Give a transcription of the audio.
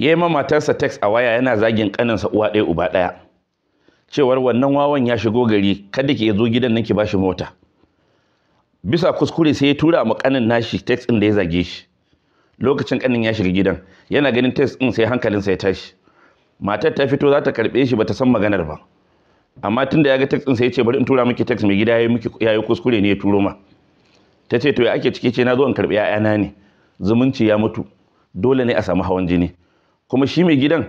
ya yi ma matarsa text a waya yana zagin kaninsa uwa ɗaya uba ɗaya cewar wannan wawan ya shigo gari kada ki zo gidan nan ki bashi mota bisa kuskure sai ya tura ma kanin nashi text ɗin da ya zage shi lokacin kanin ya shiga gidan yana ganin text ɗin sai hankalinsa ya tashi matar ta fito za ta karɓe shi bata san maganar ba amma tunda ya ga text ɗin sai ya ce bari in tura miki text mai gida ya yi kuskure ne ya turo ma ta ce to ya ake cike ce na zo in karɓi 'ya'yana ne zumunci ya mutu dole ne a samu hawan jini kuma shi mai gidan